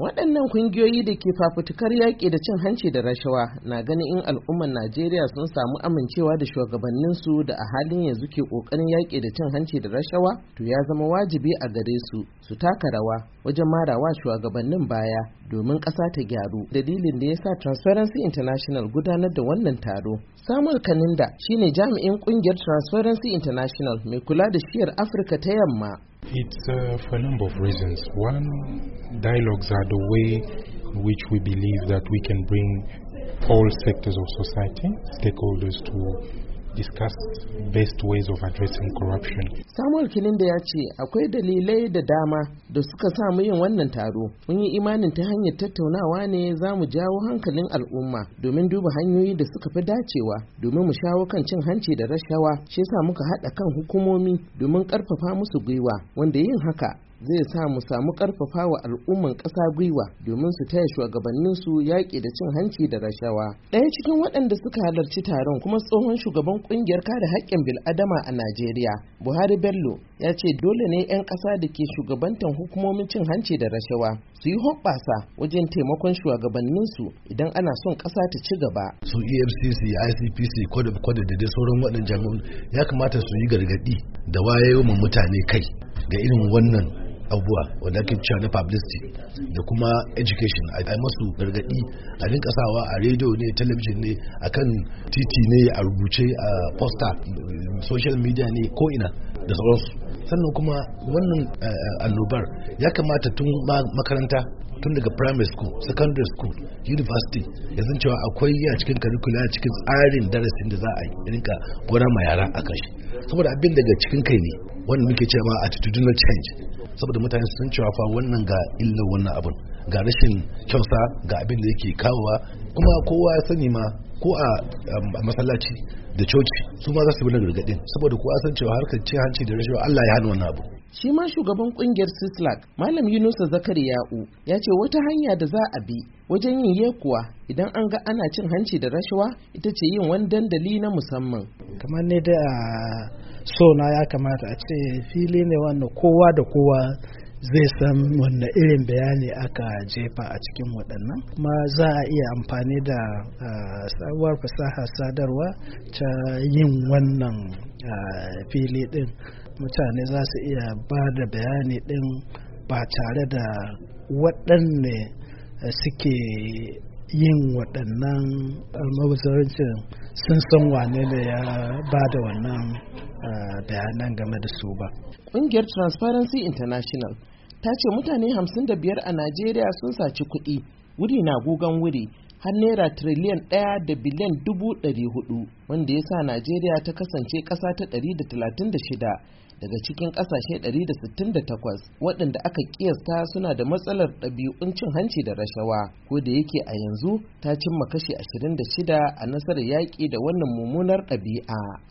waɗannan ƙungiyoyi da ke fafutukar yaƙi da cin hanci da rashawa na ganin in al'ummar najeriya sun samu amincewa da shugabanninsu da a halin yanzu ke ƙoƙarin yaƙi da cin hanci da rashawa to ya zama wajibi a gare su su taka rawa wajen marawa shugabannin baya domin ƙasa ta gyaru dalilin da ya sa transparency international gudanar da wannan taro samuel kaninda shine jami'in ƙungiyar transparency international mai kula da shiyar afirka ta yamma It's uh, for a number of reasons. One, dialogues are the way in which we believe that we can bring all sectors of society, stakeholders to discuss best ways of addressing corruption. Samuel Kilinda ya ce akwai dalilai da dama da suka samu yin wannan taro. Mun yi imanin ta hanyar tattaunawa ne za mu jawo hankalin al'umma domin duba hanyoyi da suka fi dacewa domin mu shawo kan cin hanci da rashawa shi yasa muka haɗa kan hukumomi domin ƙarfafa musu gwiwa wanda yin haka zai sa mu samu karfafa wa al'umman ƙasa gwiwa domin su taya shugabannin su yaƙi da cin hanci da rashawa. Ɗaya cikin waɗanda suka halarci taron kuma tsohon shugaban ƙungiyar kare haƙƙin bil'adama a Najeriya, Buhari Bello, ya ce dole ne 'yan ƙasa da ke shugabantan hukumomin cin hanci da rashawa su yi hoɓɓasa wajen taimakon shugabanninsu idan ana son ƙasa ta ci gaba. Su EFCC, ICPC, kwada kwada da dai sauran waɗannan jami'an ya kamata su yi gargaɗi da wayewa mutane kai ga irin wannan abubuwa wanda ake cewa na publicity da kuma education a masu gargadi a rinka sawa a radio ne talabijin ne a kan titi ne a rubuce a poster social media ne ko ina da sauransu sannan kuma wannan eh, annobar ya kamata tun makaranta tun daga primary school secondary school university yanzu cewa akwai a cikin a cikin tsarin darasin da za a yi rinka gwada ma yara a kashi saboda abin daga cikin kai ne wanda muke cewa attitudinal change saboda mutane sun cewa fa wannan ga illar wannan abun ga rashin kyausa ga abin da yake kawowa kuma kowa ya sani ma ko a masallaci da coci su ma za su bi gargadin saboda kowa san cewa harkar ce hanci da rashawa Allah ya hana wannan abu shi ma shugaban kungiyar sislak malam yunusa zakari ya'u ya ce wata hanya da za a bi wajen yin yekuwa idan an ga ana cin hanci da rashawa ita ce yin wani dandali na musamman kamar ne da Sona ya kamata a ce fili ne wanda kowa da kowa zai san wanda irin bayani aka jefa a cikin waɗannan kuma za a iya amfani da sabuwar fasaha sadarwa ta yin wannan fili ɗin mutane za su iya ba da bayani ɗin ba tare da waɗanne suke yin waɗannan almabazarancin sun san wane da ya ba da wannan Eh, bayanan game da su ba. Ƙungiyar Transparency International ta ce mutane 55 a Najeriya sun saci kuɗi wuri na gugan wuri har naira triliyan ɗaya da biliyan dubu ɗari hudu wanda ya sa Najeriya ta kasance ƙasa ta ɗari da talatin da shida daga cikin ƙasashe ɗari da da sittin takwas, waɗanda aka ƙiyasta suna da matsalar ɗabi'un cin hanci da rashawa ko da yake a yanzu ta cimma kashi ashirin da shida a nasarar yaƙi da wannan mummunar ɗabi'a.